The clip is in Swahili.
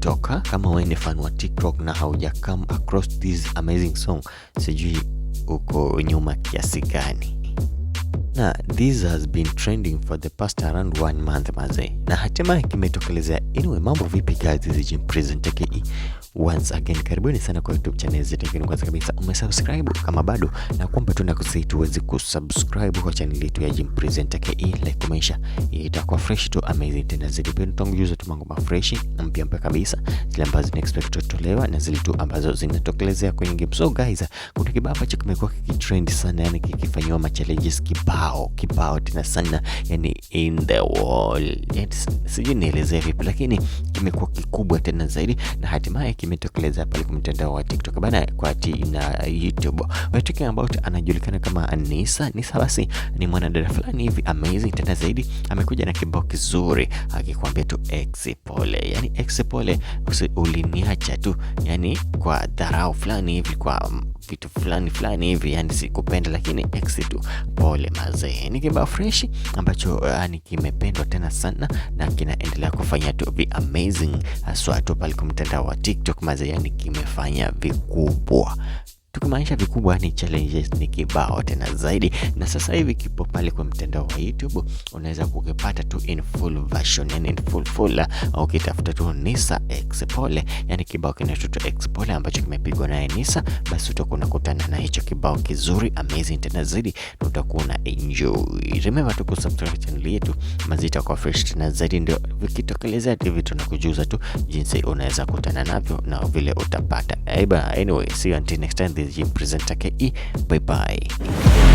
TikTok. Kama wewe ni fan wa TikTok na hauja come across this amazing song, sijui uko nyuma kiasi gani na this has been trending for the past around one month maze na hatimaye kimetokelezea. inwe mambo vipi guys, this is Jim Prison TKE once again, karibuni sana kwa YouTube channel zetu. Lakini kwanza kabisa umesubscribe kama bado, na kwamba tunakusii tuwezi kusubscribe kwa channel yetu ya Jim Prison TKE, like kumaisha itakuwa fresh tu amazing tena zaidi, pia tutakujuza tu mambo mafreshi na mpya mpya kabisa, zile ambazo zina expect kutolewa na zile tu ambazo zinatokelezea kwenye game. So guys, kuna kibao ambacho kimekuwa kikitrend sana, yani kikifanyiwa ma challenges kibao kibao tena sana, yani in the wall, sijui nielezee vipi, lakini kimekuwa kikubwa tena zaidi na hatimaye kimetokeleza pale kwa mtandao wa TikTok bana, kwa na YouTube. We're talking about anajulikana kama Nisa. Nisa basi ni mwanadada fulani hivi amazing tena zaidi, amekuja na kibao kizuri akikwambia tu ex pole, yani ex pole, uliniacha tu, yani kwa dharau fulani hivi kwa vitu fulani fulani hivi, yani sikupenda, lakini X tu pole mazee. Ni kibao fresh ambacho yani ah, kimependwa tena sana na kinaendelea kufanya to be amazing, haswa tu pale kwa mtandao wa TikTok mazee, yani kimefanya vikubwa. Tukimaanisha vikubwa ni challenges ni kibao tena zaidi, na sasa hivi kipo pale kwa mtandao wa YouTube, unaweza kukipata tu in full version, yani in full full, au kitafuta tu Nisa X Pole, yani kibao kinachoitwa X Pole ambacho kimepigwa naye Nisa, basi utakuwa unakutana na hicho kibao kizuri amazing tena zaidi, na utakuwa una enjoy. Remember tu kusubscribe channel yetu Mazita kwa fresh tena zaidi, ndio vikitokelezea hivi tunakujuza tu jinsi unaweza kutana navyo na vile utapata. Aiba, anyway, see you until next time the presenter KE. Bye bye.